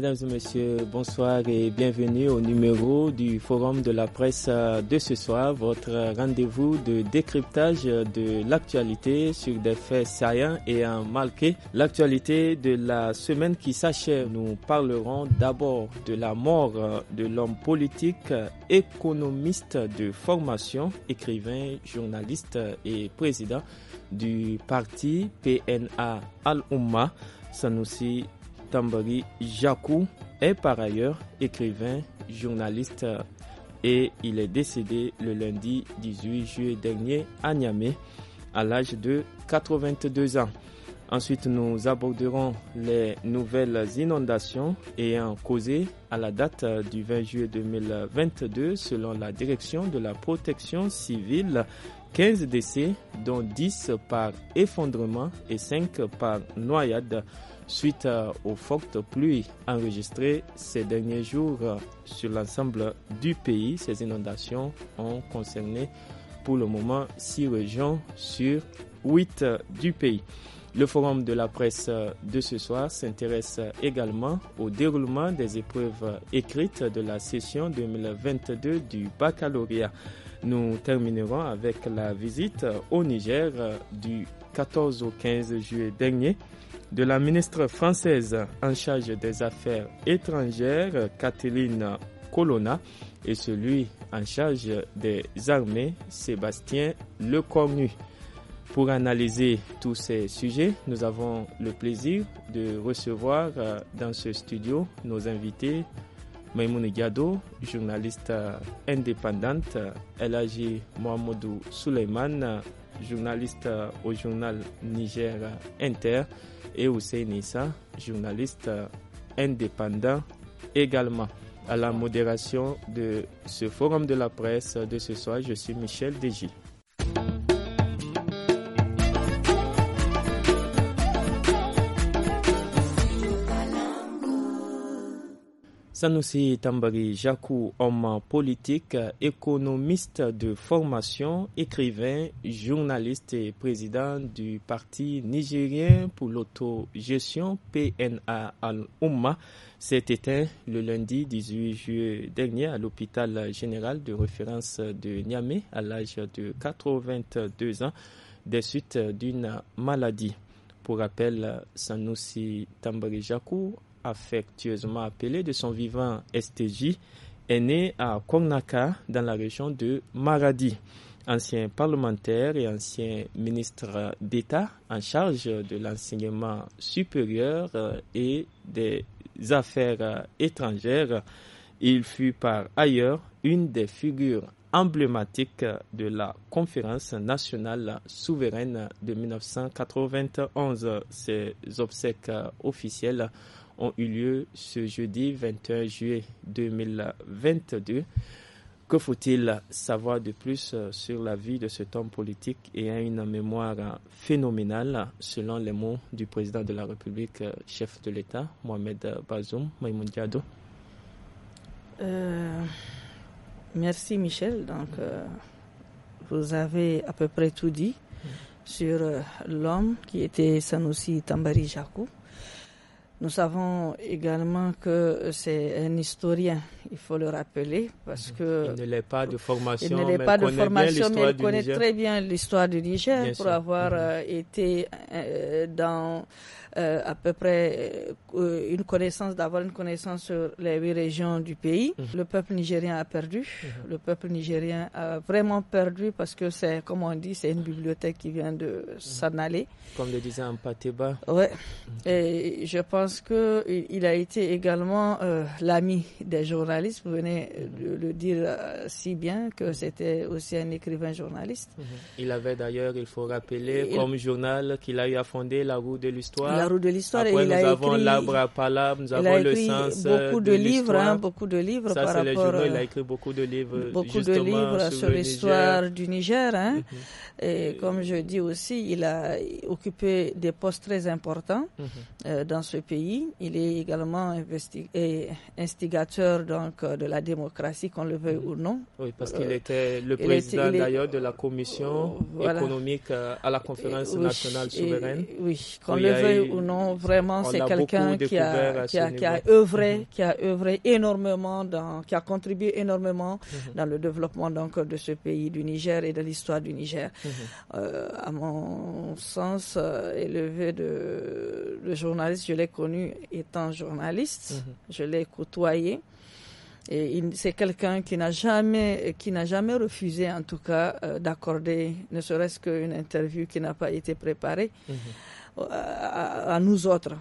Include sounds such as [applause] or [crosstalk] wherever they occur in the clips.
Mesdames et messieurs, bonsoir et bienvenue au numéro du Forum de la presse euh, de ce soir, votre euh, rendez-vous de décryptage de l'actualité sur des faits saillants et en marqué. L'actualité de la semaine qui s'achève, nous parlerons d'abord de la mort euh, de l'homme politique, économiste de formation, écrivain, journaliste et président du parti PNA Al-Umma, Sanusi Tambari Jacou est par ailleurs écrivain, journaliste et il est décédé le lundi 18 juillet dernier à Niamey à l'âge de 82 ans. Ensuite, nous aborderons les nouvelles inondations ayant causé à la date du 20 juillet 2022, selon la direction de la protection civile, 15 décès, dont 10 par effondrement et 5 par noyade suite euh, aux fortes pluies enregistrées ces derniers jours euh, sur l'ensemble du pays. Ces inondations ont concerné pour le moment six régions sur huit euh, du pays. Le forum de la presse de ce soir s'intéresse également au déroulement des épreuves écrites de la session 2022 du baccalauréat. Nous terminerons avec la visite au Niger du 14 au 15 juillet dernier de la ministre française en charge des Affaires étrangères, Catherine Colonna, et celui en charge des armées, Sébastien Lecornu. Pour analyser tous ces sujets, nous avons le plaisir de recevoir euh, dans ce studio nos invités Maïmoune Gado, journaliste euh, indépendante, euh, Elagi Mohamedou Suleiman, journaliste euh, au journal Niger euh, Inter, et au CNISA, journaliste euh, indépendant également. À la modération de ce forum de la presse de ce soir, je suis Michel Degis. Sanusi Tambari Jaku, homme politique, économiste de formation, écrivain, journaliste et président du Parti nigérien pour l'autogestion PNA al umma s'est éteint le lundi 18 juillet dernier à l'hôpital général de référence de Niamey à l'âge de 82 ans des suites d'une maladie. Pour rappel, Sanusi Tambari Jakou, affectueusement appelé de son vivant STJ, est né à Kongnaka, dans la région de Maradi. Ancien parlementaire et ancien ministre d'État en charge de l'enseignement supérieur euh, et des affaires euh, étrangères, il fut par ailleurs une des figures emblématiques de la conférence nationale souveraine de 1991. Ses obsèques officielles ont eu lieu ce jeudi 21 juillet 2022. Que faut-il savoir de plus euh, sur la vie de cet homme politique ayant une mémoire euh, phénoménale, selon les mots du président de la République, euh, chef de l'État, Mohamed Bazoum Maïmoun Merci Michel. Donc, vous avez à peu près tout dit mm. sur l'homme qui était Sanoussi Tambari Jacou. Nous savons également que c'est un historien, il faut le rappeler, parce mhm. que... Il ne l'est pas de formation. mais il connaît très bien l'histoire du Niger pour avoir mhm. euh, été euh, dans euh, à peu près euh, une connaissance, d'avoir une connaissance sur les huit régions du pays. Mhm. Le peuple nigérien a perdu. Mhm. Le peuple nigérien a vraiment perdu parce que c'est, comme on dit, c'est une bibliothèque qui vient de mhm. s'en aller. Comme le disait Mpateba Ouais. Et je pense que il a été également euh, l'ami des journalistes. Vous venez de le dire si bien que c'était aussi un écrivain journaliste. Il avait d'ailleurs, il faut rappeler, comme journal qu'il a eu à fonder La Roue de l'Histoire la roue de l'histoire. Après, il nous a avons l'arbre à palabre, nous avons le sens euh, beaucoup de, livres, beaucoup de livres Ça, par Les journaux, il a écrit beaucoup de livres. Beaucoup sur l'histoire du Niger. Hein. Mhm. Et comme je dis aussi, il a occupé des postes très importants mhm. euh, dans ce pays. Il est également instigateur donc euh, de la démocratie, qu'on le veuille mhm. ou non. Oui, parce qu'il était le président d'ailleurs de la commission économique à la conférence nationale souveraine. oui, qu'on le veuille ou non, vraiment, c'est quelqu'un qui a, qui, mhm. œuvré, énormément, dans, qui a contribué énormément mhm. dans le développement donc, de ce pays, du Niger et de l'histoire du Niger. Mhm. Euh, à mon sens, euh, élevé de, journaliste, je l'ai connu étant journaliste, je l'ai côtoyé. Et c'est quelqu'un qui n'a jamais, jamais refusé, en tout cas, euh, d'accorder, ne serait-ce qu'une interview qui n'a pas été préparée à, nous autres.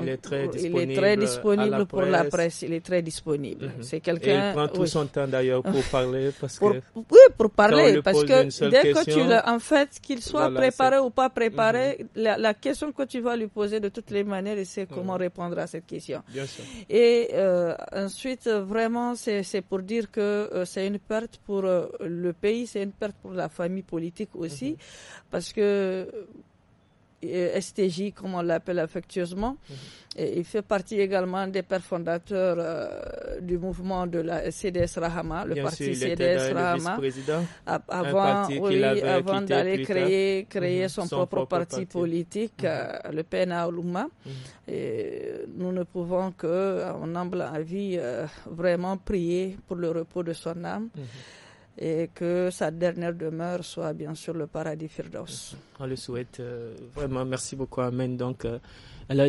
il est très disponible, pour la presse, il est très disponible. Mhm. C'est quelqu'un. Il prend tout son temps d'ailleurs pour [laughs] parler. Parce que oui, pour parler. Parce que dès que tu en fait, qu'il soit préparé ou pas préparé, mhm. la, question que tu vas lui poser de toutes les manières, c'est comment répondre à cette question. Bien sûr. Et euh, ensuite, vraiment, c'est pour dire que euh, c'est une perte pour euh, le pays, c'est une perte pour la famille politique aussi, mhm. parce que euh, STJ, comme on l'appelle affectueusement. Mhm. Et il fait partie également des pères fondateurs euh, du mouvement de la CDS Rahama, le parti CDS Rahama, avant, avant d'aller créer, créer mhm. son, propre, parti, politique, mhm. euh, le PNA Et nous ne pouvons que, humble avis, vraiment prier pour le repos de son âme et que sa dernière demeure soit bien sûr le paradis Firdos. On le souhaite euh, vraiment. Merci beaucoup, Amen. Donc, euh,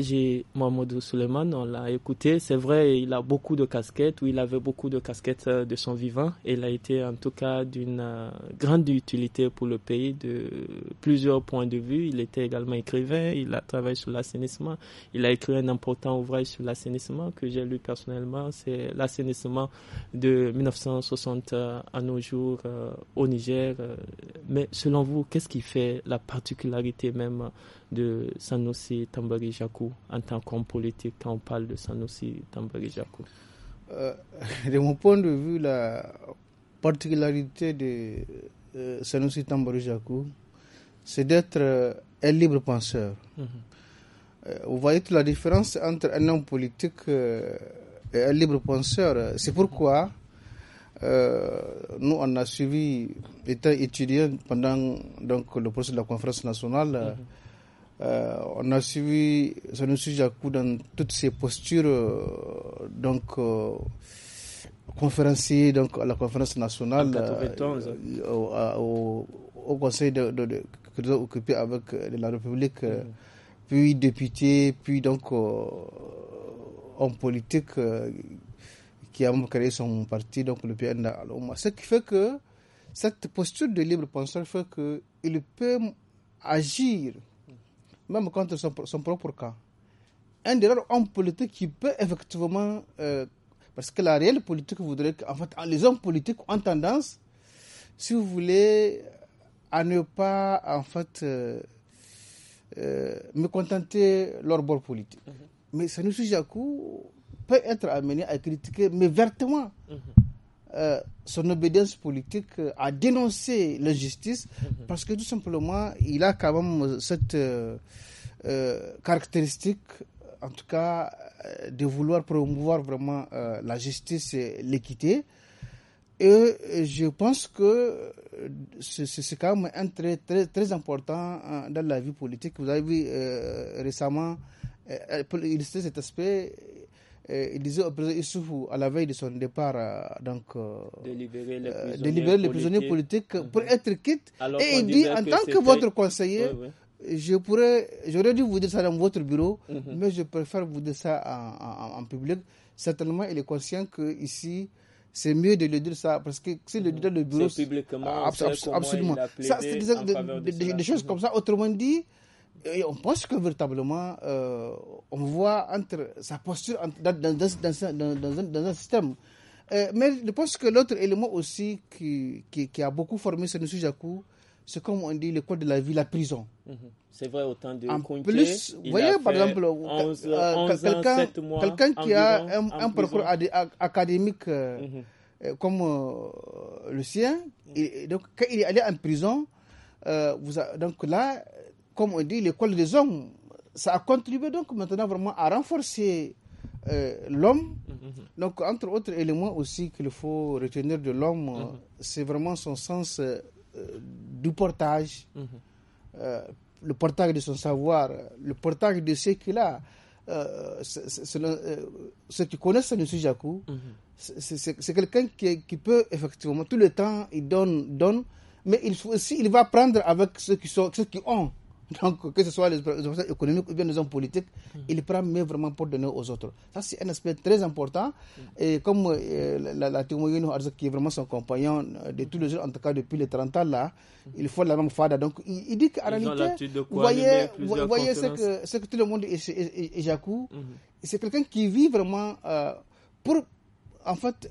j'ai Mahmoud Suleiman, on l'a écouté. C'est vrai, il a beaucoup de casquettes, ou il avait beaucoup de casquettes euh, de son vivant. Et il a été en tout cas d'une euh, grande utilité pour le pays de plusieurs points de vue. Il était également écrivain, il a travaillé sur l'assainissement. Il a écrit un important ouvrage sur l'assainissement que j'ai lu personnellement. C'est l'assainissement de 1960 euh, à nos jours au Niger. Mais selon vous, qu'est-ce qui fait la particularité même de Sanossi Tambari en tant qu'homme politique quand on parle de Sanossi Tambari euh, [laughs] De mon point de vue, la particularité de euh, Sanossi Tambari c'est d'être euh, un libre penseur. Mhm. vous voyez toute la différence entre un homme politique et un libre penseur. C'est pourquoi. nous, on a suivi, étant étudiant pendant donc, le procès de la conférence nationale, mhm. Euh, on a suivi Sanusi coup dans toutes ses postures, euh, donc euh, donc, à la conférence nationale, au, conseil de, occupé avec de la République, mm. puis député, puis donc en politique qui a créé son parti, donc le PN Ce qui fait que cette posture de libre penseur fait qu'il peut agir même contre son, propre camp. Un des leurs hommes politiques qui peut effectivement. Euh, parce que la réelle politique voudrait en fait, les hommes politiques ont tendance, si vous voulez, à ne pas, en fait, euh, euh, me contenter leur bord politique. Mm-hmm. Mais Sanusu Jakou peut être amené à critiquer, mais vertement. Mm-hmm. Euh, son obédience politique à euh, dénoncer l'injustice mhm. parce que tout simplement, il a quand même euh, cette caractéristique, en tout cas, de vouloir promouvoir vraiment la justice et l'équité. Et je pense que c'est quand même un trait très, très important hein, dans la vie politique. Vous avez vu récemment, illustrer cet aspect, eh, il disait au président Issoufou à la veille de son départ, euh, donc, euh, euh les prisonniers, politiques, pour être quitte. et il dit, en tant que votre conseiller, je pourrais, j'aurais dû vous dire ça dans votre bureau, mhm. mais je préfère vous dire ça en, public. Certainement, il est conscient que ici, c'est mieux de le dire ça parce que si le dit dans le bureau, publiquement, absolument, ça, c'est des, choses comme ça. Autrement dit, et on pense que véritablement, euh, on voit entre sa posture dans, dans, un, dans, un, système. Euh, mais je pense que l'autre élément aussi qui, qui, a beaucoup formé ce monsieur Jakou, c'est comme on dit le code de la vie, la prison. Mhm. C'est vrai, autant de en plus, vous voyez, par exemple, euh, quelqu'un qui a un, parcours académique mhm. comme le sien, et donc quand il est allé en prison, vous donc là, comme on dit, l'école des hommes, ça a contribué donc maintenant vraiment à renforcer euh, l'homme. Mm-hmm. Donc, entre autres éléments aussi qu'il faut retenir de l'homme, euh, mm-hmm. c'est vraiment son sens euh, du portage, mm-hmm. le portage de son savoir, le portage de ce qu'il a. ceux qui connaissent le Jaku, c'est quelqu'un qui, peut effectivement tout le temps, il donne, donne, mais il, faut aussi, il va prendre avec ceux qui, sont, ceux qui ont. [laughs] Donc, que ce soit les opérateurs économiques ou bien les hommes politiques, mm. il prend mais vraiment pour donner aux autres. Ça, c'est un aspect très important. Mm. Et comme euh, la, la, qui est vraiment son compagnon euh, de tous les jours, en tout cas depuis les 30 ans là, mm. il faut la même fada. Donc, il, dit qu'en vous voyez, vous voyez ce, que, tout le monde est Jacou, mm-hmm. C'est quelqu'un qui vit vraiment euh, pour en fait,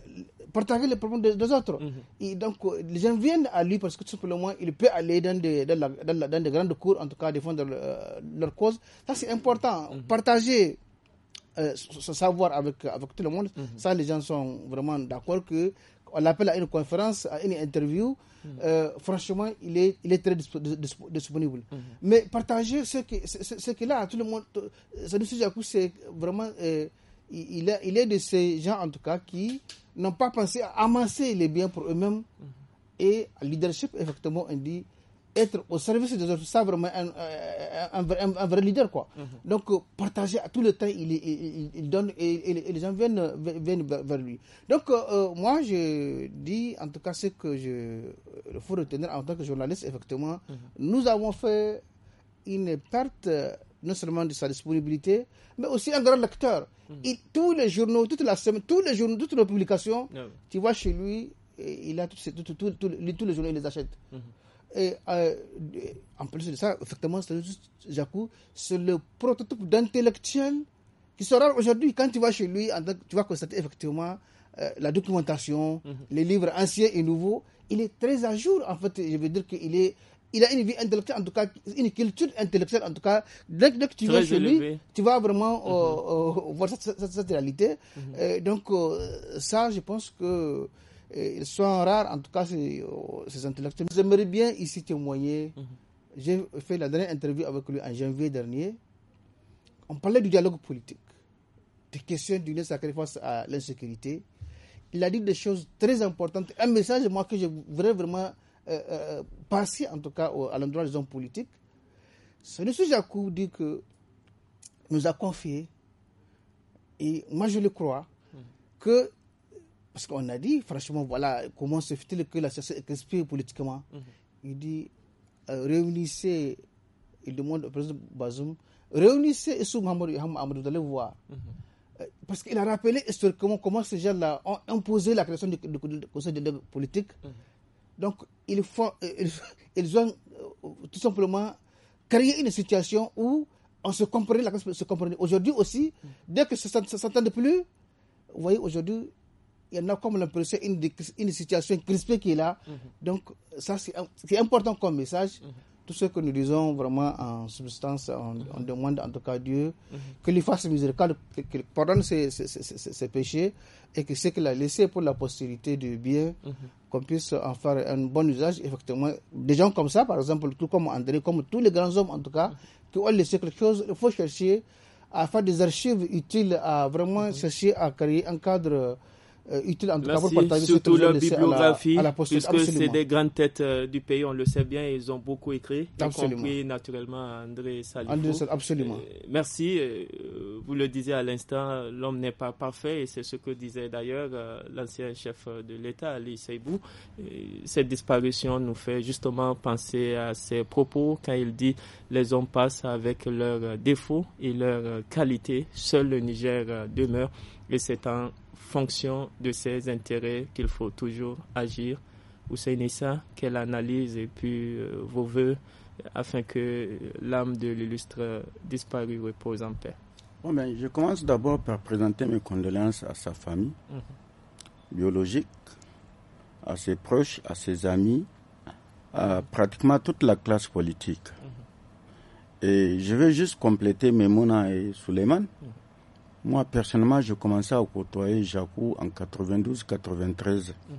partager les problèmes des, autres. Mhm. Et donc, les gens viennent à lui parce que tout simplement, il peut aller dans des, dans, dans, grandes cours, en tout cas, défendre euh, leur cause. Ça, c'est important. Mhm. Partager ce euh, savoir avec, avec tout le monde, mhm. ça, les gens sont vraiment d'accord que on l'appelle à une conférence, à une interview, euh, franchement, il est, il est très disponible. Mais partager ce qu'il ce, ce, tout le monde, ça nous c'est vraiment il, est, il est de ces gens, en tout cas, qui n'ont pas pensé à amasser les biens pour eux-mêmes. Et leadership, effectivement, on dit être au service des autres, ça vraiment un, un, vrai leader. quoi. Mhm. Donc, euh, partager tout le temps, il, il, donne et, les gens viennent, vers lui. Donc, euh, euh, moi, je dis en tout cas ce que je faut retenir en tant que journaliste, effectivement. Mhm. Nous avons fait une perte non seulement de sa disponibilité, mais aussi un grand lecteur. Hmm. tous les journaux, toute la semaine, tous les journaux, toutes les publications, tu vois chez lui, il a tout, tous les journaux, il les achète. Hmm. Et euh, en plus de ça, effectivement, c'est le prototype d'intellectuel qui sera aujourd'hui. Quand tu vas chez lui, tu vas constater effectivement euh, la documentation, hmm. les livres anciens et nouveaux. Il est très à jour, en fait. Je veux dire qu'il est il a une vie intellectuelle, en tout cas, une culture intellectuelle, en tout cas. Dès, dès que tu vas chez lui, tu vas vraiment euh, mhm. euh, voir cette, réalité. Mhm. donc, euh, ça, je pense que ils sont rares, en tout cas, ces, ces intellectuels. J'aimerais bien ici témoigner. Mhm. J'ai fait la dernière interview avec lui en janvier dernier. On parlait du dialogue politique, des questions du sacrifice à l'insécurité. Il a dit des choses très importantes. Un message, moi, que je voudrais vraiment euh, euh en tout cas à l'endroit des hommes politiques, ce le sujet dit que nous a confié, et moi je le crois, mm. que, parce qu'on a dit, franchement, voilà, comment se fait-il que la société est politiquement mm-hmm. Il dit, euh, réunissez, il demande au président Bazoum, réunissez Issou Mohamed Amadou, vous voir. Mm-hmm. Euh, parce qu'il a rappelé historiquement comment ces gens-là ont imposé la création du, conseil de politique mm-hmm. Donc, ils, font, euh, [laughs] ils, ont euh, tout simplement créé une situation où on se comprenait, la se comprenait. Aujourd'hui aussi, dès que ça ne s'entend plus, vous voyez, aujourd'hui, il y en a comme l'impression une, une situation crispée qui est là. Mhm. Donc, ça, c'est important comme message. Mhm tout ce que nous disons vraiment en substance, on, mhm. demande en tout cas à Dieu mhm. que lui fasse miséricorde, qu'il pardonne ses, péchés et que ce qu'il a laissé pour la postérité du bien, mhm. qu'on puisse en faire un bon usage. Effectivement, des gens comme ça, par exemple, tout comme André, comme tous les grands hommes en tout cas, qui ont laissé quelque chose, il faut chercher à faire des archives utiles, à vraiment chercher à créer un cadre euh, utile surtout leur bibliographie, puisque c'est des grandes têtes euh, du pays, on le sait bien, ils ont beaucoup écrit, absolument. compris naturellement André Salifou. absolument. merci, euh, vous le disiez à l'instant, l'homme n'est pas parfait et c'est ce que disait d'ailleurs l'ancien chef de l'État, Ali Seibou. Cette disparition nous fait justement penser à ses propos quand il dit les hommes passent avec leurs défauts et leurs qualités, seul le Niger demeure et c'est un fonction de ses intérêts qu'il faut toujours agir. Nissa, quelle analyse et puis euh, vos voeux euh, afin que euh, l'âme de l'illustre disparu repose en paix bon, ben, Je commence d'abord par présenter mes condoléances à sa famille mhm. biologique, à ses proches, à ses amis, à pratiquement toute la classe politique. Mhm. Et je vais juste compléter Memona et Suleiman. Mhm. Moi, personnellement, je commençais à côtoyer Jacou en 92-93. Mhm.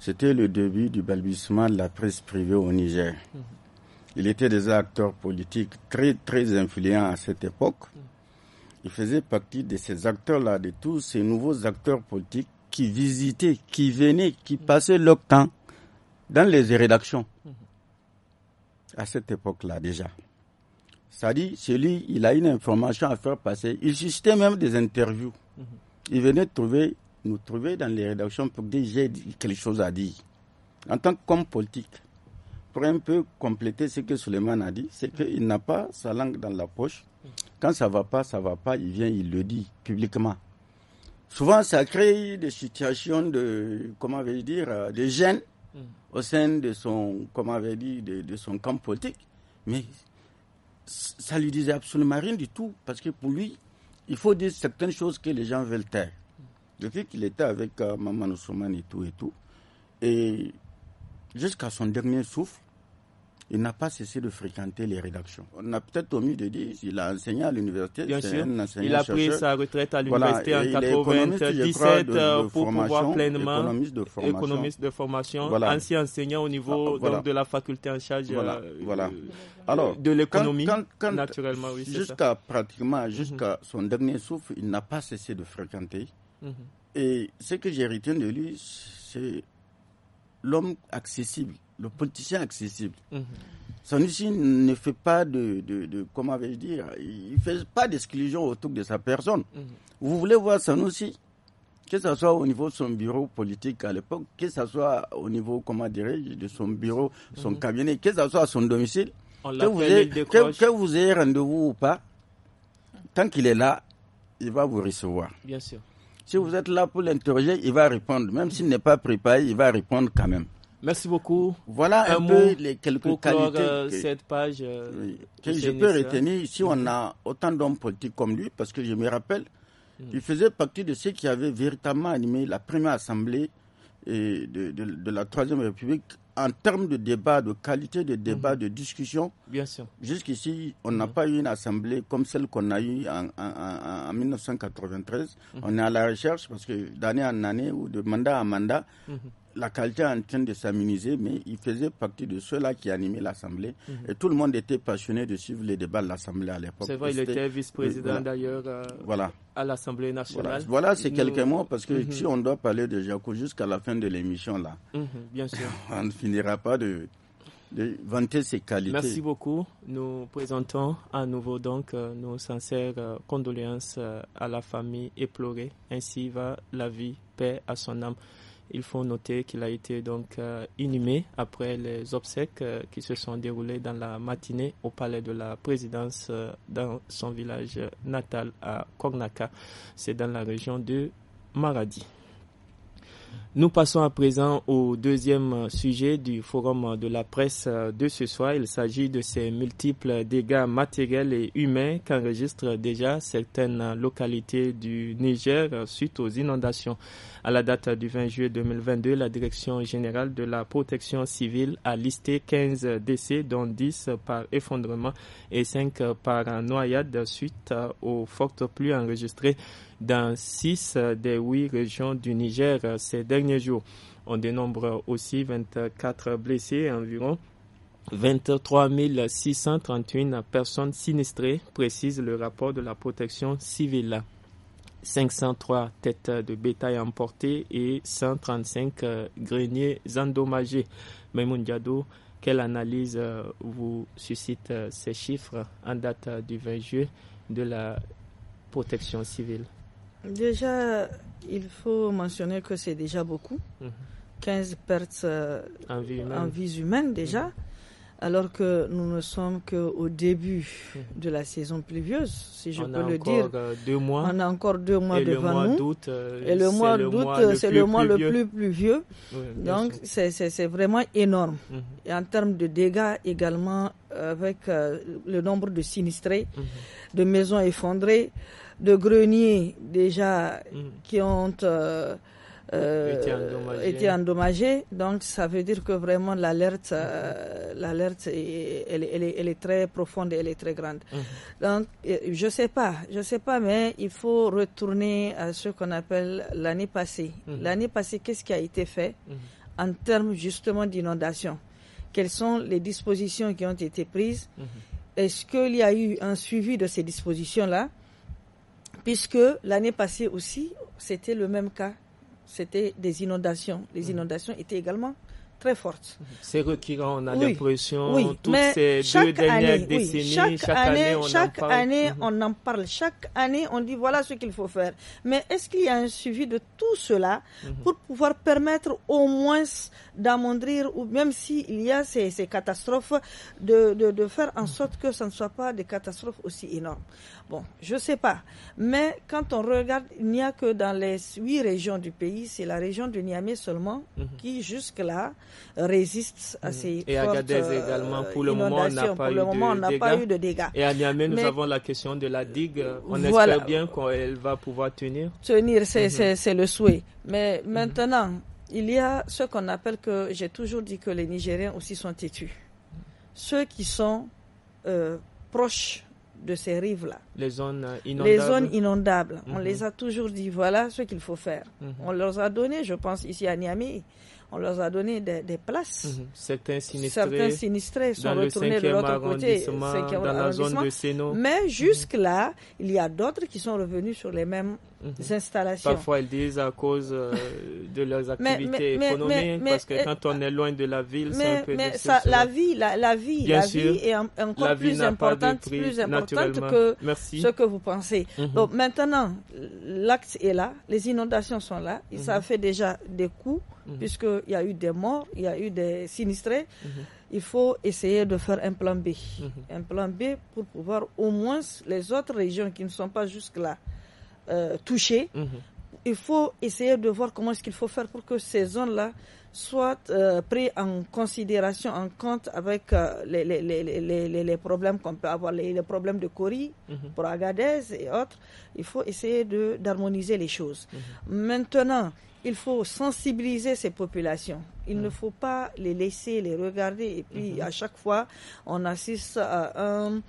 C'était le début du balbutiement de la presse privée au Niger. Mhm. Il était des acteurs politiques très, très influents à cette époque. Mhm. Il faisait partie de ces acteurs-là, de tous ces nouveaux acteurs politiques qui visitaient, qui venaient, qui passaient leur temps dans les rédactions. À cette époque-là déjà. Ça dit, dire celui, il a une information à faire passer. Il suscitait même des interviews. Mhm. Il venait trouver, nous trouver dans les rédactions pour dire j'ai quelque chose à dire. En tant qu'homme politique, pour un peu compléter ce que Suleiman a dit, c'est mhm. qu'il n'a pas sa langue dans la poche. Mhm. Quand ça va pas, ça va pas, il vient, il le dit publiquement. Souvent, ça crée des situations de, comment vais-je dire, euh, de gêne au sein de son, comment de son camp politique. Mais ça lui disait absolument rien du tout, parce que pour lui, il faut dire certaines choses que les gens veulent taire. Depuis qu'il était avec euh, Maman Ousmane et tout et tout, et jusqu'à son dernier souffle, il n'a pas cessé de fréquenter les rédactions. On a peut-être omis de dire qu'il a enseigné à l'université. Bien sûr. il a pris sa retraite à l'université en 97 euh, pour pouvoir pleinement économiste de formation, économiste de formation ancien enseignant au niveau ah, de la faculté en charge euh, euh, Alors, de l'économie. naturellement, jusqu'à pratiquement mhm. jusqu'à son dernier souffle, il n'a pas cessé de fréquenter. Mhm. Et ce que j'ai retenu de lui, c'est l'homme accessible le politicien accessible. Mhm. Son Sanusi ne fait pas de, de, de comment vais-je dire, il fait pas d'exclusion autour de sa personne. Mhm. Vous voulez voir Sanusi, que ce soit au niveau de son bureau politique à l'époque, que ce soit au niveau, comment dirais-je, de son bureau, son mhm. cabinet, que ce soit à son domicile, que vous, ayez, que vous ayez rendez-vous ou pas, tant qu'il est là, il va vous recevoir. Bien sûr. Si vous êtes là pour l'interroger, il va répondre. Même s'il n'est pas préparé, il va répondre quand même. Merci beaucoup. Voilà un, peu les quelques qualités. Euh, que, cette page. Euh, je peux retenir ici, on mhm. a autant d'hommes politiques comme lui, parce que je me rappelle, mhm. il faisait partie de ceux qui avaient véritablement animé la première assemblée et de, la Troisième République en termes de débat, de qualité de débat, mhm. de discussion. Bien sûr. Jusqu'ici, on n'a pas eu une assemblée comme celle qu'on a eue en, 1993. On est à la recherche parce que d'année en année ou de mandat en mandat, la qualité est en train de s'améniser mais il faisait partie de ceux-là qui animaient l'Assemblée. Mhm. Et tout le monde était passionné de suivre les débats de l'Assemblée à l'époque. C'est vrai, il était vice-président d'ailleurs euh, à l'Assemblée nationale. Voilà, c'est quelques mots, parce que mhm. si on doit parler de Jaco jusqu'à la fin de l'émission, là, mhm, bien sûr. [laughs] on ne finira pas de, vanter ses qualités. Merci beaucoup. Nous présentons à nouveau donc euh, nos sincères euh, condoléances à la famille éplorée. Ainsi va la vie, paix à son âme. Il faut noter qu'il a été donc euh, inhumé après les obsèques euh, qui se sont déroulées dans la matinée au palais de la présidence euh, dans son village natal à Kognaka. C'est dans la région de Maradi. Nous passons à présent au deuxième sujet du forum de la presse de ce soir. Il s'agit de ces multiples dégâts matériels et humains qu'enregistrent déjà certaines localités du Niger suite aux inondations. À la date du 20 juillet 2022, la Direction générale de la protection civile a listé 15 décès, dont 10 par effondrement et 5 par noyade suite aux fortes pluies enregistrées dans six des huit régions du Niger ces derniers jours. On dénombre aussi 24 blessés environ 23 631 personnes sinistrées, précise le rapport de la protection civile. 503 têtes de bétail emportées et 135 euh, greniers endommagés. Mais Diado, quelle analyse euh, vous suscite euh, ces chiffres en date du 20 juillet de la protection civile Déjà, il faut mentionner que c'est déjà beaucoup. 15 mhm. pertes euh, en, vie humaine déjà, mhm. alors que nous ne sommes qu'au début mhm. de la saison pluvieuse, si je peux le dire. Euh, deux mois. On a encore deux mois devant nous. et le mois d'août, euh, c'est le mois le plus pluvieux. Donc c'est vraiment énorme. Et en termes de dégâts également, avec le nombre de sinistrés, de maisons effondrées de greniers déjà mm. qui ont euh, euh, été, endommagés. Donc ça veut dire que vraiment l'alerte, euh, l'alerte, elle, est très profonde et elle est très grande. Mm. Donc je sais pas, je sais pas, mais il faut retourner à ce qu'on appelle l'année passée. Mm. L'année passée, qu'est-ce qui a été fait en termes justement d'inondation Quelles sont les dispositions qui ont été prises Est-ce qu'il y a eu un suivi de ces dispositions-là puisque l'année passée aussi, c'était le même cas. C'était des inondations. Les mm. inondations étaient également très forte. C'est requérant, on a oui, l'impression, oui, toutes ces deux dernières décennies, chaque, année, on en parle. année, on en parle. Chaque année, on dit voilà ce qu'il faut faire. Mais est-ce qu'il y a un suivi de tout cela mhm. pour pouvoir permettre au moins d'amondrir, ou même s'il y a ces, catastrophes, de, faire en sorte que ça ne soit pas des catastrophes aussi énormes Bon, je ne sais pas. Mais quand on regarde, il n'y a que dans les huit régions du pays, c'est la région du Niamey seulement, mhm. qui jusque-là, résiste à mm. ces Et euh, également, pour le moment, on n'a pas, eu de dégâts. Et à Niamey, nous avons la question de la digue. On espère bien qu'elle va pouvoir tenir. Tenir, c'est mhm. le souhait. Mais mhm. maintenant, il y a ce qu'on appelle que, j'ai toujours dit que les Nigériens aussi sont têtus. Ceux qui sont euh, proches de ces rives-là. Les zones inondables. Les zones inondables. On mhm. les a toujours dit, voilà ce qu'il faut faire. On leur a donné, je pense, ici à Niamey, on leur a donné des, des places. Mhm. Certains sinistrés, sont retournés de l'autre côté, dans la zone de Séno. Mais mhm. jusque-là, il y a d'autres qui sont revenus sur les mêmes mhm. installations. Parfois, ils disent à cause euh, de leurs activités économiques, parce que euh, quand on est loin de la ville, c'est un peu mais ça, la vie, la, vie, la vie est encore plus importante, que ce que vous pensez. Donc maintenant, l'acte est là, les inondations sont là, ça fait déjà des coups Mhm. puisqu'il y a eu des morts, il y a eu des sinistrés. Mhm. Il faut essayer de faire un plan B. Mhm. Un plan B pour pouvoir au moins les autres régions qui ne sont pas jusque-là euh, touchées. Il faut essayer de voir comment est-ce qu'il faut faire pour que ces zones-là soient euh, prises en considération, en compte avec euh, les, les, les, les, problèmes qu'on peut avoir, les, problèmes de Corée, pour Agadez et autres. Il faut essayer d'harmoniser les choses. Maintenant, il faut sensibiliser ces populations. Il ne mm. faut pas les laisser les regarder. Et puis, mm-hmm. à chaque fois, on assiste à un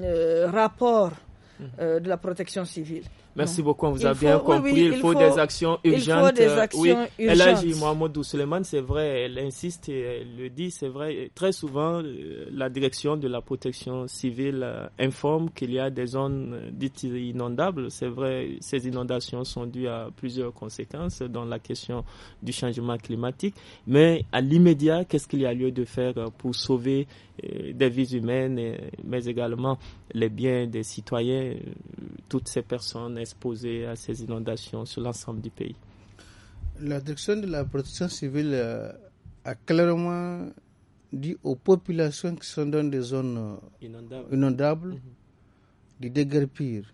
euh, rapport mm-hmm. euh, de la protection civile. Merci beaucoup, on vous a bien compris. il, faut, des euh, actions urgentes. oui. urgentes. agit. Mohamed c'est vrai, elle insiste et elle le dit, c'est vrai. très souvent, euh, la direction de la protection civile euh, informe qu'il y a des zones dites inondables. C'est vrai, ces inondations sont dues à plusieurs conséquences, dans la question du changement climatique. Mais à l'immédiat, qu'est-ce qu'il y a lieu de faire pour sauver euh, des vies humaines, mais également les biens des citoyens, euh, toutes ces personnes exposées à ces inondations sur l'ensemble du pays. La direction de la protection civile euh, a clairement dit aux populations qui sont dans des zones inondables, mhm. de déguerpir,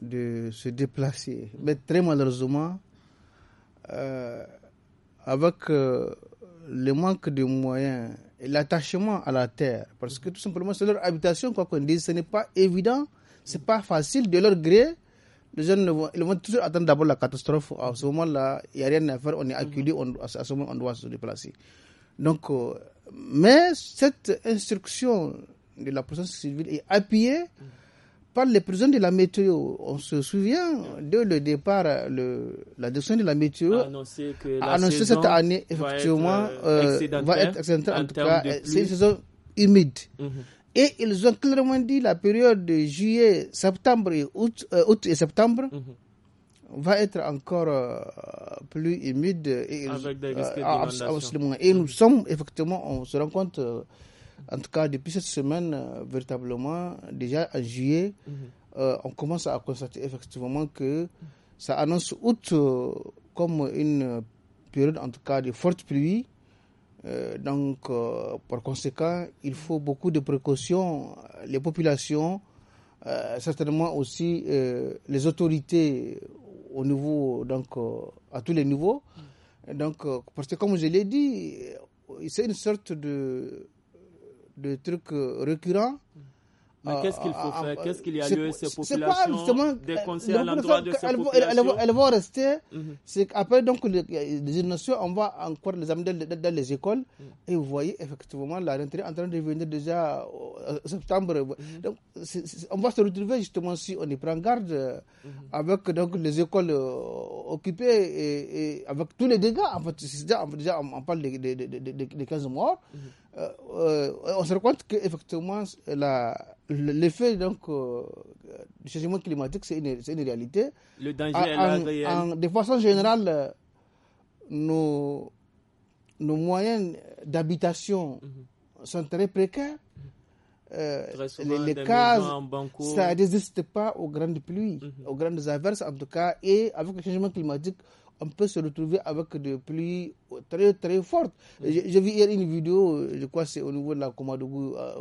de se déplacer. Mais très malheureusement, avec le manque de moyens l'attachement à la terre. Parce que tout simplement, c'est leur habitation, quoi qu'on dise. Ce n'est pas évident, ce n'est pas facile de leur gré. Les jeunes vont, ils vont toujours attendre d'abord la catastrophe. À ce moment-là, il n'y a rien à faire, on est acculé, à ce moment, on doit se déplacer. Donc, euh, mais cette instruction de la présence civile est appuyée par les prisons de la météo. On se souvient, de le départ, le, la décision de la météo annoncé que cette année, effectivement, va être, euh, euh, En, tout cas, euh, c'est une saison humide. Mhm. Et ils ont clairement dit la période de juillet, septembre août, août et septembre mhm. va être encore plus humide. Et, Et nous mhm. sommes, effectivement, on se rend compte en tout cas, depuis cette semaine, euh, véritablement, déjà en juillet, mhm. euh, on commence à constater effectivement que ça annonce août euh, comme une période, en tout cas, de fortes pluies. donc, par conséquent, il faut beaucoup de précautions. Les populations, certainement aussi les autorités au niveau, donc, à tous les niveaux. Mm. Donc, parce que comme je l'ai dit, c'est une sorte de de trucs euh, récurrents. Mais euh, Qu'est-ce qu'il faut euh, faire Qu'est-ce qu'il y a lieu ces populations des conseils à l'endroit de ces elles, populations elles, elles vont rester. Mhm. C'est qu'après donc les, les on va encore les amener dans, les écoles mhm. et vous voyez effectivement la rentrée en train de venir déjà en septembre. Mhm. Donc on va se retrouver justement si on y prend garde avec donc les écoles occupées et, avec tous les dégâts. En fait, déjà, on, parle de, de, de, de 15 morts. Euh, on se rend compte qu'effectivement, l'effet donc, euh, du changement climatique, c'est une, une, réalité. Le danger est là de façon générale, nos, nos moyens d'habitation mhm. sont très précaires. Euh, les, cas cases, ça n'existe pas aux grandes pluies, mhm. aux grandes averses en tout cas, et avec le changement climatique, on peut se retrouver avec des pluies très très fortes. J'ai vu hier une vidéo, je crois c'est au niveau de la Komadougou, euh,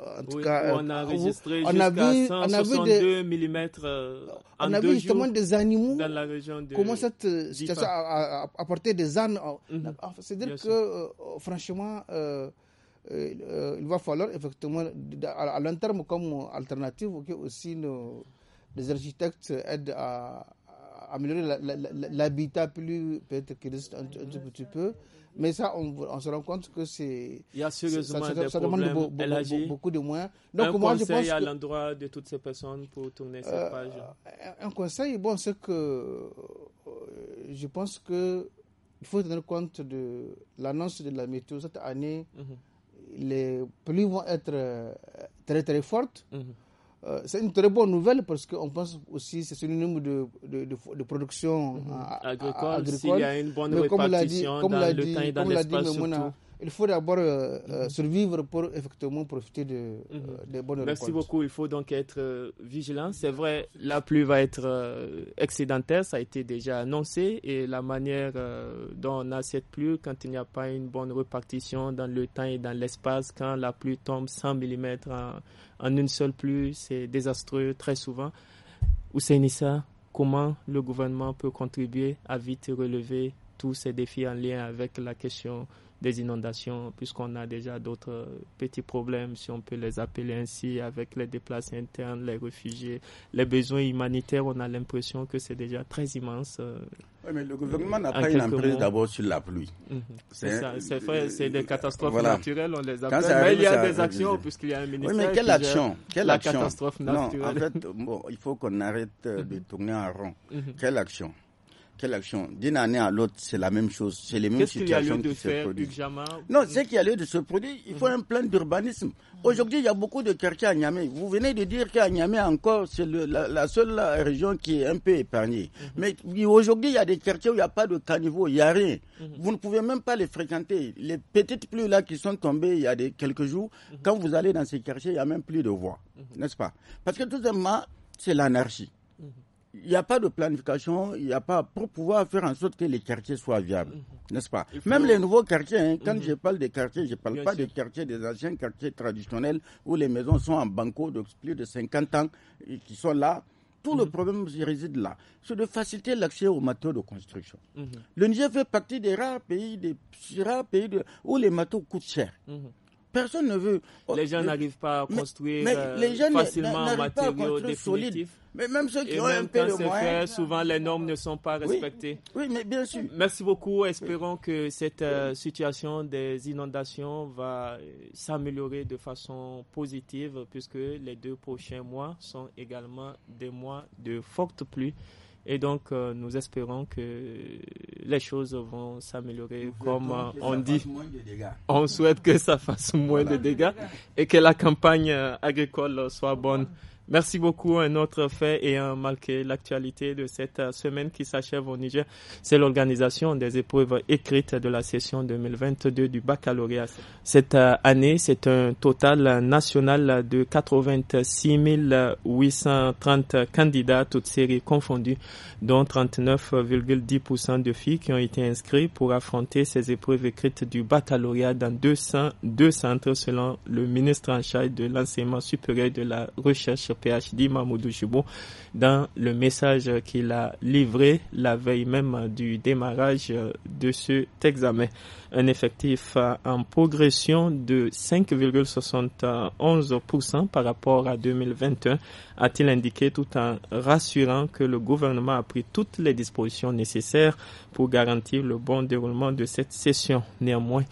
euh, en tout cas. Euh, on a enregistré on a vu, 162 mm en On a vu justement des animaux. Dans la région de Comment cette situation a, apporté des ânes. Mhm. C'est-à-dire que, franchement, il va falloir effectivement, à, long terme, comme alternative, que aussi nos, les architectes aident à améliorer l'habitat plus peut-être qu'il existe un, tout petit peu. Mais ça, on, se rend compte que c'est. Il y a sérieusement ça, demande beaucoup de moins. Donc, moi, je pense à l'endroit de toutes ces personnes pour tourner cette euh, page Un conseil, bon, c'est que euh, je pense que il faut tenir compte de l'annonce de la météo cette année. Mhm. Les pluies vont être euh, très très fortes. Mhm. Euh, c'est une très bonne nouvelle parce qu'on pense aussi c'est synonyme de, de, de, production mhm. euh, agricole. S'il y a une bonne répartition dans le temps et dans l'espace surtout. il faut d'abord euh, mhm. survivre pour effectivement profiter de, mhm. des bonnes Merci beaucoup. Il faut donc être vigilant. C'est vrai, la pluie va être excédentaire. Ça a été déjà annoncé. Et la manière dont on a cette pluie, quand il n'y a pas une bonne répartition dans le temps et dans l'espace, quand la pluie tombe 100 mm en une seule pluie, c'est désastreux très souvent. Ousseinissa, comment le gouvernement peut contribuer à vite relever tous ces défis en lien avec la question des inondations, puisqu'on a déjà d'autres euh, petits problèmes, si on peut les appeler ainsi, avec les déplacés internes, les réfugiés, les besoins humanitaires. On a l'impression que c'est déjà très immense. Euh, oui, mais le gouvernement n'a pas une emprise d'abord sur la pluie. Mhm. C'est vrai, euh, c'est des catastrophes naturelles, on les appelle. mais il y a des actions, puisqu'il y a un ministère. Oui, mais quelle action Quelle la action catastrophe naturelle. Non, en fait, bon, il faut qu'on arrête mhm. de tourner en rond. Mhm. Quelle action quelle action D'une année à l'autre, c'est la même chose. C'est les mêmes situations qui se produisent. Non, ce qu'il y a lieu de se produire, il faut mhm. un plan d'urbanisme. Aujourd'hui, il y a beaucoup de quartiers à Niamey. Vous venez de dire qu'à Niamey encore, c'est la, seule région qui est un peu épargnée. Mhm. Mais aujourd'hui, il y a des quartiers où il n'y a pas de caniveau, il n'y a rien. Mhm. Vous ne pouvez même pas les fréquenter. Les petites pluies là qui sont tombées il y a quelques jours, quand vous allez dans ces quartiers, il n'y a même plus de voies. N'est-ce pas Parce que tout simplement, c'est l'anarchie il n'y a pas de planification, il n'y a pas pour pouvoir faire en sorte que les quartiers soient viables, mhm. n'est-ce pas Même les nouveaux quartiers, hein, quand mhm. je parle des quartiers, je ne parle pas des quartiers des anciens quartiers traditionnels où les maisons sont en banco de plus de 50 ans et euh, qui sont là. Tout le mhm. problème réside là, c'est de faciliter l'accès aux matériaux de construction. Le Niger fait partie des rares pays, des rares pays où les matériaux coûtent cher. Personne ne veut. Oh, les gens n'arrivent pas à construire euh, facilement en matériaux définitifs. Mais même ceux qui ont un peu de souvent, les normes ne sont pas respectées. Oui, bien sûr. Merci beaucoup. Espérons que cette euh, situation des inondations va euh, s'améliorer de façon positive, puisque les deux prochains mois sont également des mois de fortes pluies. Et donc, euh, nous espérons que les choses vont s'améliorer, comme euh, on dit. On souhaite que ça fasse moins de dégâts et que la campagne euh, agricole soit bonne. Merci beaucoup. Un autre fait et mal marqué l'actualité de cette euh, semaine qui s'achève au Niger, c'est l'organisation des épreuves écrites de la session 2022 du baccalauréat. Cette euh, année, c'est un total national de 86 830 candidats, toutes séries confondues, dont 39,10% de filles qui ont été inscrites pour affronter ces épreuves écrites du baccalauréat dans deux centres selon le ministre en charge de l'enseignement supérieur de la recherche PhD Mamoudou Chibou dans le message qu'il a livré la veille même du démarrage de cet examen. Un effectif en progression de 5,71% par rapport à 2021, a-t-il indiqué tout en rassurant que le gouvernement a pris toutes les dispositions nécessaires pour garantir le bon déroulement de cette session. Néanmoins,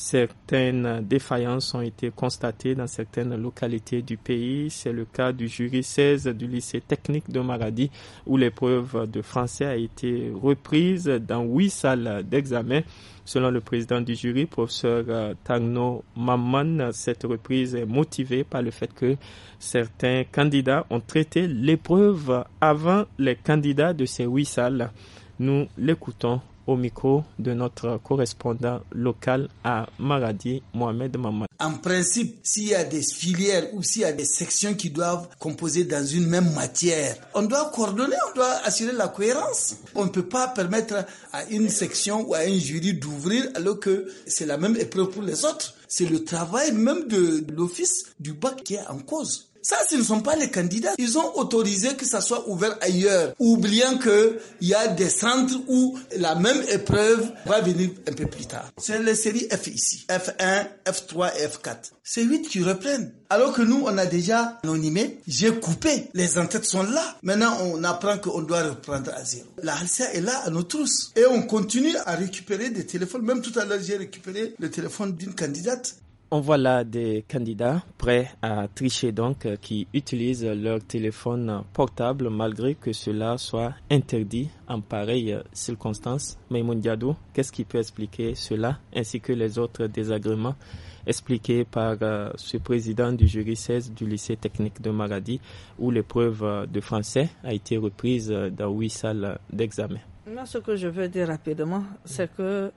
Certaines défaillances ont été constatées dans certaines localités du pays. C'est le cas du jury 16 du lycée technique de Maradi où l'épreuve de français a été reprise dans huit salles d'examen. Selon le président du jury, professeur euh, Tangno Mamman, cette reprise est motivée par le fait que certains candidats ont traité l'épreuve avant les candidats de ces huit salles. Nous l'écoutons au micro de notre correspondant local à Maradi, Mohamed Maman. En principe, s'il y a des filières ou s'il y a des sections qui doivent composer dans une même matière, on doit coordonner, on doit assurer la cohérence. On ne peut pas permettre à une section ou à un jury d'ouvrir alors que c'est la même épreuve pour les autres. C'est le travail même de l'office du bac qui est en cause. Ça, ce ne sont pas les candidats. Ils ont autorisé que ça soit ouvert ailleurs, oubliant qu'il y a des centres où la même épreuve va venir un peu plus tard. C'est les séries F ici, F1, F3 F4. C'est 8 qui reprennent. Alors que nous, on a déjà anonymé, j'ai coupé. Les entêtes sont là. Maintenant, on apprend qu'on doit reprendre à zéro. La Halcia est là à nos trousses. Et on continue à récupérer des téléphones. Même tout à l'heure, j'ai récupéré le téléphone d'une candidate on voit là des candidats prêts à tricher donc euh, qui utilisent leur téléphone portable malgré que cela soit interdit en pareille euh, circonstance. Mais Diadou, qu'est-ce qui peut expliquer cela ainsi que les autres désagréments expliqués par euh, ce président du jury 16 du lycée technique de Maradi où l'épreuve de français a été reprise dans huit salles d'examen ce que je veux dire rapidement, c'est que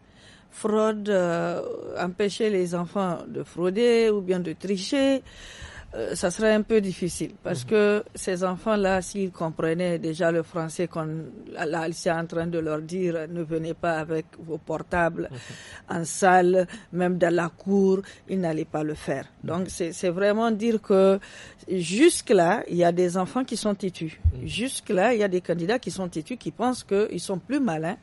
fraude, euh, empêcher les enfants de frauder ou bien de tricher, euh, ça serait un peu difficile parce mhm. que ces enfants-là, s'ils comprenaient déjà le français qu'on là, en train de leur dire, ne venez pas avec vos portables en salle, même dans la cour, ils n'allaient pas le faire. Mhm. Donc c'est vraiment dire que jusque-là, il y a des enfants qui sont têtus. Mhm. Jusque-là, il y a des candidats qui sont têtus, qui pensent qu'ils sont plus malins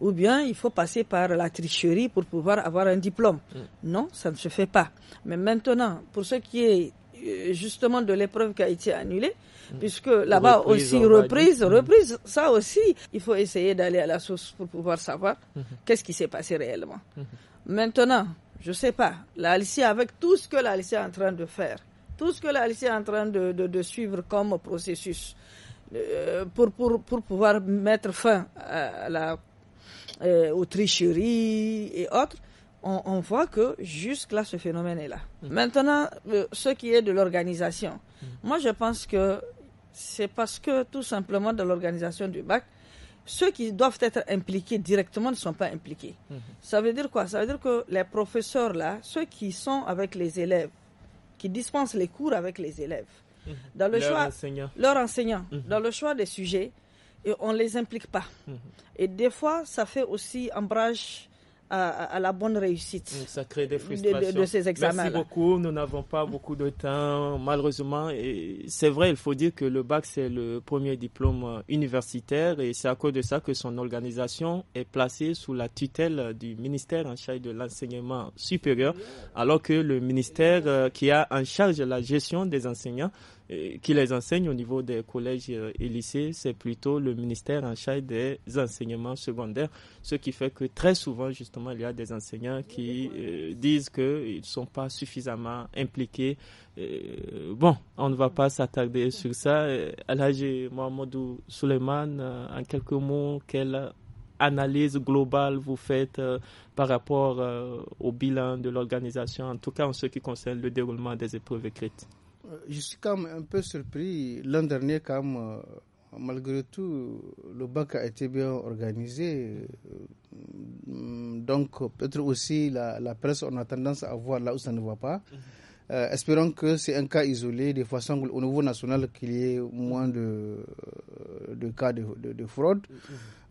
ou bien il faut passer par la tricherie pour pouvoir avoir un diplôme. Mm. Non, ça ne se fait pas. Mais maintenant, pour ce qui est euh, justement de l'épreuve qui a été annulée, mm. puisque là-bas aussi reprise, mm. reprise, ça aussi, il faut essayer d'aller à la source pour pouvoir savoir mm-hmm. qu'est-ce qui s'est passé réellement. Mm-hmm. Maintenant, je ne sais pas, La lycée avec tout ce que lycée est en train de faire, tout ce que lycée est en train de, de, suivre comme processus, euh, pour, pour, pour pouvoir mettre fin à la euh, aux tricheries et autres, on, voit que jusque-là, ce phénomène est là. Mm. Maintenant, euh, ce qui est de l'organisation. Mm. Moi, je pense que c'est parce que, tout simplement, de l'organisation du bac, ceux qui doivent être impliqués directement ne sont pas impliqués. Mm-hmm. Ça veut dire quoi Ça veut dire que les professeurs, là, ceux qui sont avec les élèves, qui dispensent les cours avec les élèves, mm-hmm. dans le choix, leur enseignant, mm-hmm. dans le choix des sujets, et on ne les implique pas. Mhm. Et des fois, ça fait aussi embrage à, la bonne réussite. Mm, ça crée des frustrations. De, ces examens. Merci beaucoup. Nous n'avons pas beaucoup de temps, malheureusement. Et c'est vrai, il faut dire que le bac, c'est le premier diplôme universitaire et c'est à cause de ça que son organisation est placée sous la tutelle du ministère en charge de l'enseignement supérieur, alors que le ministère euh, qui a en charge la gestion des enseignants, qui les enseigne au niveau des collèges euh, et lycées, c'est plutôt le ministère en charge des enseignements secondaires, ce qui fait que très souvent, justement, il y a des enseignants qui euh, disent qu'ils ne sont pas suffisamment impliqués. Euh, bon, on ne va pas s'attarder sur ça. Alhaji Mohamedou Suleiman, en quelques mots, quelle analyse globale vous faites par rapport au bilan de l'organisation, en tout cas en ce qui concerne le déroulement des épreuves écrites euh, je suis quand même un peu surpris. L'an dernier, quand euh, malgré tout, le bac a été bien organisé. Euh, donc, peut-être aussi la, presse, on a tendance à voir là où ça ne va pas. espérons que c'est un cas isolé, de façon au niveau national qu'il y ait moins de, cas de, fraude.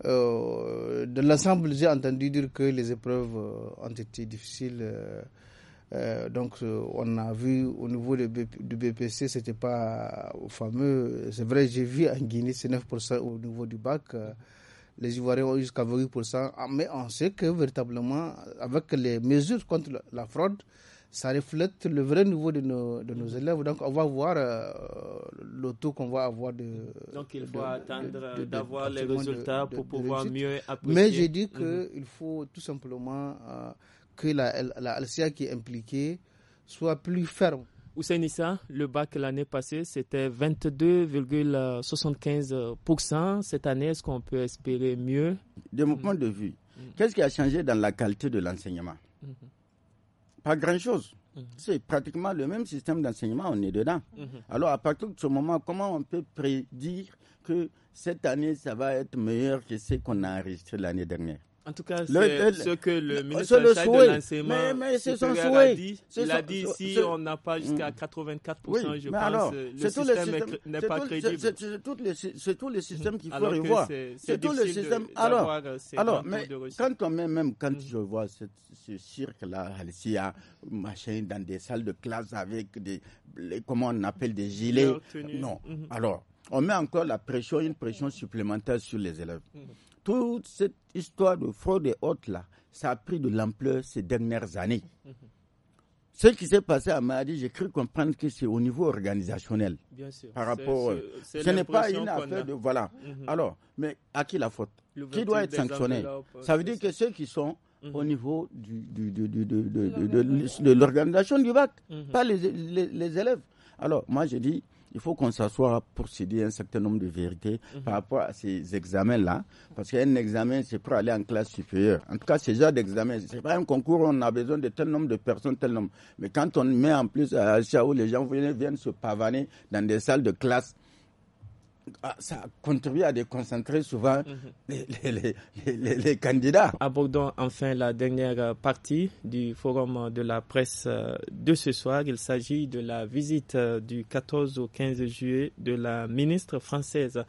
de l'ensemble, j'ai entendu dire que les épreuves ont été difficiles. Euh, donc, euh, on a vu au niveau du BPC, c'était pas fameux. C'est vrai, j'ai vu en Guinée, c'est 9% au niveau du bac. Euh, les Ivoiriens ont jusqu'à 20%. Ah, mais on sait que véritablement, avec les mesures contre la, fraude, ça reflète le vrai niveau de nos, de nos élèves. Donc, on va voir le taux qu'on va avoir de. Donc, il faut attendre d'avoir les résultats pour pouvoir mieux apprécier. Mais j'ai dit qu'il mhm. il faut tout simplement que la, la qui est impliquée soit plus ferme. Nissa, le bac l'année passée, c'était 22,75%. Cette année, est-ce qu'on peut espérer mieux De mon point de vue, mm. qu'est-ce qui a changé dans la qualité de l'enseignement mm-hmm. Pas grand-chose. Mm-hmm. C'est pratiquement le même système d'enseignement, on est dedans. Mm-hmm. Alors, à partir de ce moment, comment on peut prédire que cette année, ça va être meilleur que ce qu'on a enregistré l'année dernière en tout cas, c'est ce que le ministre le de l'enseignement mais, mais a dit. Il a dit si on n'a pas jusqu'à 84%, mm. oui, je pense, alors, le système n'est pas crédible. C'est tout le système qu'il faut revoir. C'est tout le système. Alors, euh, alors mais quand même, même quand mm. je vois ce cirque-là, il y a machin dans des salles de classe avec des, comment on appelle, des gilets. Non. Mm-hmm. Alors, on met encore la pression, une pression supplémentaire sur les élèves. Mm-hmm toute cette histoire de fraude et autres là, ça a pris de l'ampleur ces dernières années. Ce qui s'est passé à mali, j'ai cru comprendre que c'est au niveau organisationnel. Bien sûr. Par rapport, euh, ce n'est pas une affaire de voilà. Mhm. Alors, mais à qui la faute Qui doit être sanctionné euh, Ça veut dire que ceux qui sont mhm. au niveau du, de, l'organisation du bac, mhm. pas les, les, élèves. Alors, moi, j'ai dit, il faut qu'on s'assoie pour se dire un certain nombre de vérités mhm. par rapport à ces examens-là. Parce qu'un examen, c'est pour aller en classe supérieure. En tout cas, ce genre d'examen, n'est pas un concours où on a besoin de tel nombre de personnes, tel nombre. Mais quand on met en plus à chao, les gens viennent, viennent se pavaner dans des salles de classe, ah, ça contribue à déconcentrer souvent mhm. les, candidats. Abordons enfin la dernière partie du forum de la presse euh, de ce soir. Il s'agit de la visite euh, du 14 au 15 juillet de la ministre française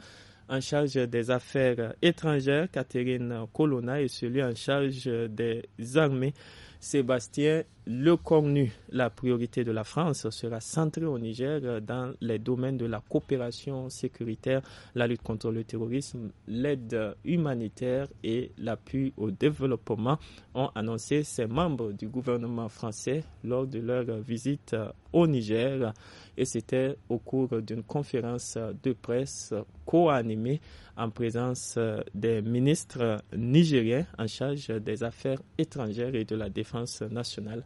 en charge des affaires étrangères, Catherine Colonna, et celui en charge des armées. Sébastien Lecornu. La priorité de la France sera centrée au Niger dans les domaines de la coopération sécuritaire, la lutte contre le terrorisme, l'aide humanitaire et l'appui au développement, ont annoncé ses membres du gouvernement français lors de leur visite au Niger. Et c'était au cours d'une conférence de presse co-animée en présence euh, des ministres nigériens en charge des affaires étrangères et de la défense nationale.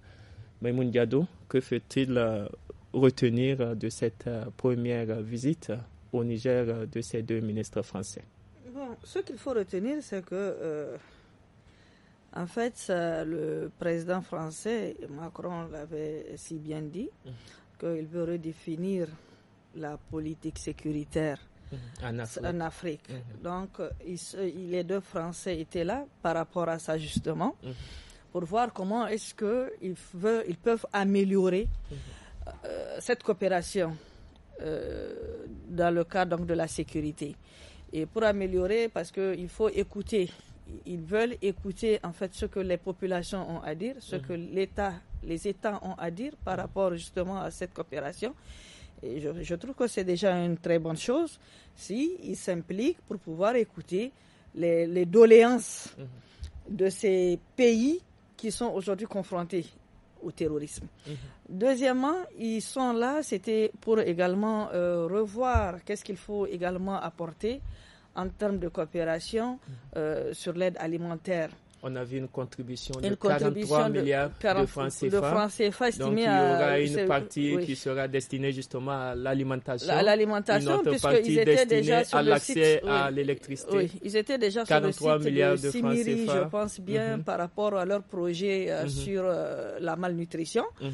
Maimoun Gado, que fait-il euh, retenir de cette euh, première visite au Niger de ces deux ministres français Ce qu'il faut retenir, c'est que, en fait, le président français, Macron, l'avait si bien dit, mmh. qu'il veut redéfinir la politique sécuritaire Mhm. en Afrique. Mhm. Donc, il, les deux Français étaient là par rapport à ça, justement, mhm. pour voir comment est-ce qu'ils ils peuvent améliorer euh, cette coopération euh, dans le cadre donc, de la sécurité. Et pour améliorer, parce qu'il faut écouter ils veulent écouter en fait ce que les populations ont à dire, ce que l'État, les États ont à dire par rapport justement à cette coopération je, trouve que c'est déjà une très bonne chose s'ils s'impliquent pour pouvoir écouter les, doléances mhm. de ces pays qui sont aujourd'hui confrontés au terrorisme. Mhm. Deuxièmement, ils sont là, c'était pour également euh, revoir qu'est-ce qu'il faut également apporter en termes de coopération mhm. euh, sur l'aide alimentaire on a vu une contribution de 43 milliards de, francs CFA. Donc, il y aura une partie qui sera destinée justement à l'alimentation. À l'alimentation, puisqu'ils étaient déjà sur le l'accès oui. à l'électricité. ils étaient déjà sur le site milliards de, francs CFA, je pense bien, mhm. par rapport à leur projet euh, mhm. sur euh, la malnutrition. Mhm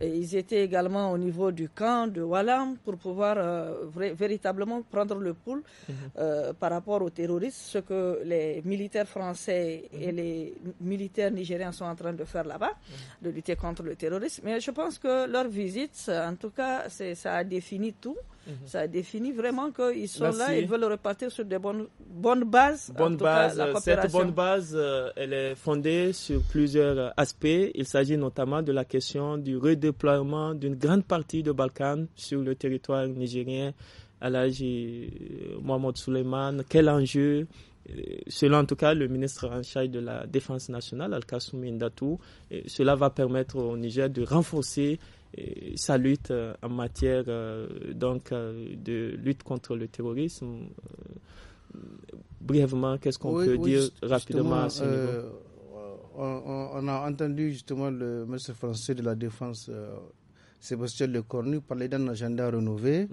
ils étaient également au niveau du camp de Walam pour pouvoir euh, véritablement prendre le pouls mhm. euh, par rapport aux terroristes, ce que les militaires français et mhm. les militaires nigériens sont en train de faire là-bas, mhm. de lutter contre le terrorisme. Mais je pense que leur visite, en tout cas, ça a défini tout. Mhm. Ça définit vraiment qu'ils sont là, ils veulent repartir sur des bonnes, bases. cette bonne base, euh, elle est fondée sur plusieurs aspects. Il s'agit notamment de la question du redéploiement d'une grande partie de Balkan sur le territoire nigérien. de euh, Mohamed Souleymane, quel enjeu euh, selon en tout cas le ministre en charge de la Défense nationale, Al-Kassoumi cela va permettre au Niger de renforcer sa lutte euh, en matière euh, donc euh, de lutte contre le terrorisme. Brièvement, qu'est-ce qu'on peut dire rapidement on, a entendu justement le ministre français de la Défense, Sébastien Sébastien Lecornu, parler d'un agenda renouvelé.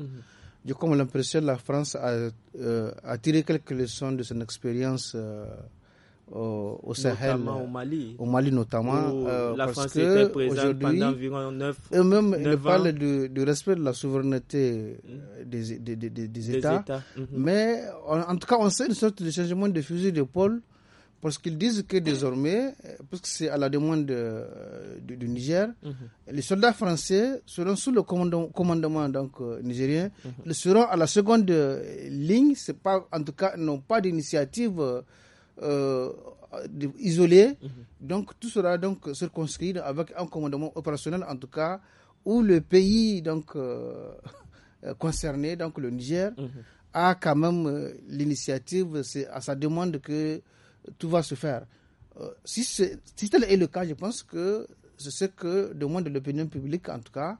Du coup, on comme l'impression que la France a, tiré quelques leçons de son expérience au Sahel, au Mali, notamment, euh, la parce France que était présente pendant environ 9, et même ils parlent du, respect de la souveraineté mm. euh, des, des, des, des, États, mm-hmm. mais en tout cas on sait une sorte de changement de fusil d'épaule parce qu'ils disent que désormais, euh, parce que c'est à la demande du de, Niger, mm-hmm. les soldats français seront sous le commandement, commandement donc, nigérien, mm-hmm. ils seront à la seconde ligne, c'est pas, en tout cas, n'ont pas d'initiative. Euh, euh, isolé. Donc tout sera donc circonscrit avec un commandement opérationnel en tout cas où le pays donc euh, concerné, donc le Niger, a quand même l'initiative. C'est à sa demande que tout va se faire. si, si tel est le cas, je pense que c'est ce que demande l'opinion publique en tout cas,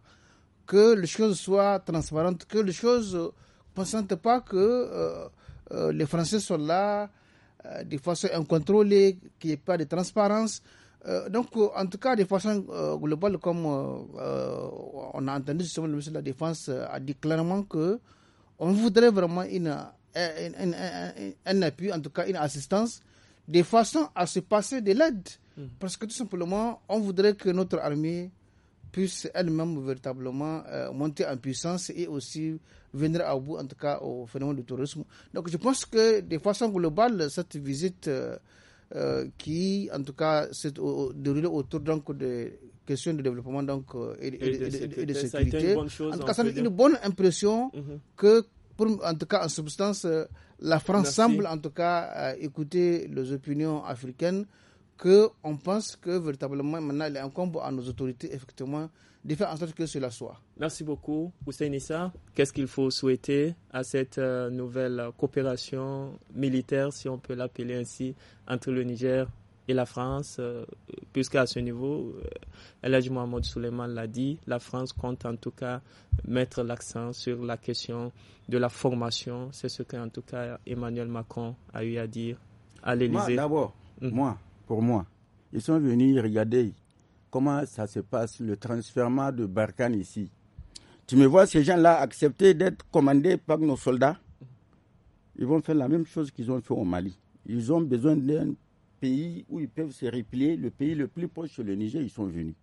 que les choses soient transparentes, que les choses ne consentent pas que les Français sont là euh, de façon incontrôlée, qu'il n'y ait pas de transparence. Euh, donc, en tout cas, de façon euh, globale, comme on a entendu justement le ministre de la Défense a dit clairement que on voudrait vraiment une, une, un appui, en tout cas une assistance, de façon à se passer de l'aide. Mm. Parce que tout simplement, on voudrait que notre armée puissent elles-mêmes véritablement euh, monter en puissance et aussi venir à bout, en tout cas, au phénomène du tourisme. Donc, je pense que de façon globale, cette visite euh, euh, qui, en tout cas, s'est déroulée autour donc, des questions de développement donc, et, de, sécurité, en tout cas, ça a une bonne impression mm-hmm. que, en tout cas, en substance, la France semble, en tout cas, écouter les opinions africaines qu'on pense que véritablement maintenant il incombe à nos autorités effectivement de faire en sorte que cela soit. Merci beaucoup. Hussein Issa, qu'est-ce qu'il faut souhaiter à cette euh, nouvelle coopération militaire, si on peut l'appeler ainsi, entre le Niger et la France, euh, puisqu'à ce niveau, euh, Eladji Mohamed Souleiman l'a dit, la France compte en tout cas mettre l'accent sur la question de la formation. C'est ce qu'en tout cas Emmanuel Macron a eu à dire à l'Élysée. Moi, d'abord, hum. moi, pour moi. Ils sont venus regarder comment ça se passe, le transfert de Barkhane ici. Tu me vois, ces gens-là accepter d'être commandés par nos soldats. Ils vont faire la même chose qu'ils ont fait au Mali. Ils ont besoin d'un pays où ils peuvent se replier. Le pays le plus proche, le Niger, ils sont venus.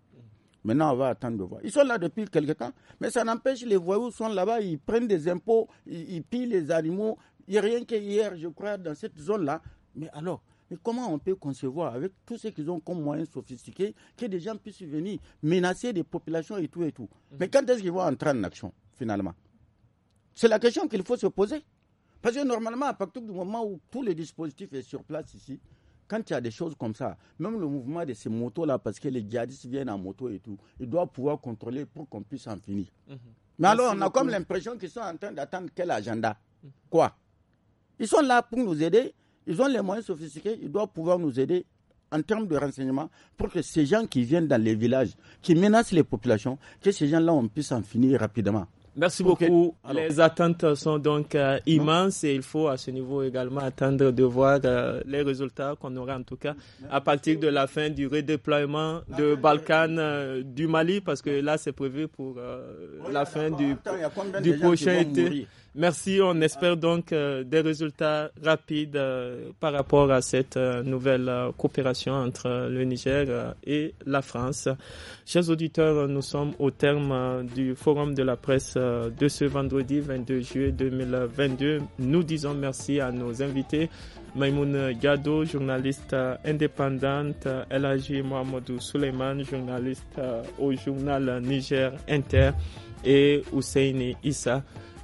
Maintenant, on va attendre de voir. Ils sont là depuis quelque temps, mais ça n'empêche, les voyous sont là-bas, ils prennent des impôts, ils, ils pillent les animaux. Il n'y a rien que hier, je crois, dans cette zone-là. Mais alors, mais comment on peut concevoir, avec tout ce qu'ils ont comme moyens sophistiqués, que des gens puissent venir menacer des populations et tout et tout mhm. Mais quand est-ce qu'ils vont entrer en action, finalement C'est la question qu'il faut se poser. Parce que normalement, à partir du moment où tout le dispositif est sur place ici, quand il y a des choses comme ça, même le mouvement de ces motos-là, parce que les djihadistes viennent en moto et tout, ils doivent pouvoir contrôler pour qu'on puisse en finir. Mhm. Mais alors, on a comme l'impression qu'ils sont en train d'attendre quel agenda Quoi Ils sont là pour nous aider ils ont les moyens sophistiqués, ils doivent pouvoir nous aider en termes de renseignement pour que ces gens qui viennent dans les villages, qui menacent les populations, que ces gens-là, on puisse en finir rapidement. Merci beaucoup. les attentes sont donc euh, immenses et il faut à ce niveau également attendre de voir euh, les résultats qu'on aura en tout cas à partir de la fin du redéploiement de Balkan euh, du Mali parce que là c'est prévu pour la fin du prochain été. Merci. On espère donc euh, des résultats rapides euh, par rapport à cette euh, nouvelle coopération entre le Niger et la France. Chers auditeurs, nous sommes au terme du forum de la presse de ce vendredi 22 juillet 2022. Nous disons merci à nos invités. Maimoun Gado, journaliste indépendante, Elhaji Mohamedou Suleiman, journaliste au journal Niger Inter et Husseini Issa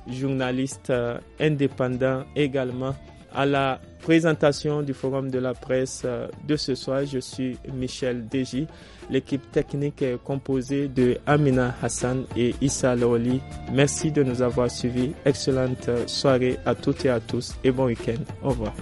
journaliste euh, indépendant également. À la présentation du forum de la presse euh, de ce soir, je suis Michel Deji. L'équipe technique est composée de Amina Hassan et Issa loli Merci de nous avoir suivis. Excellente euh, soirée à toutes et à tous et bon week-end. Au revoir.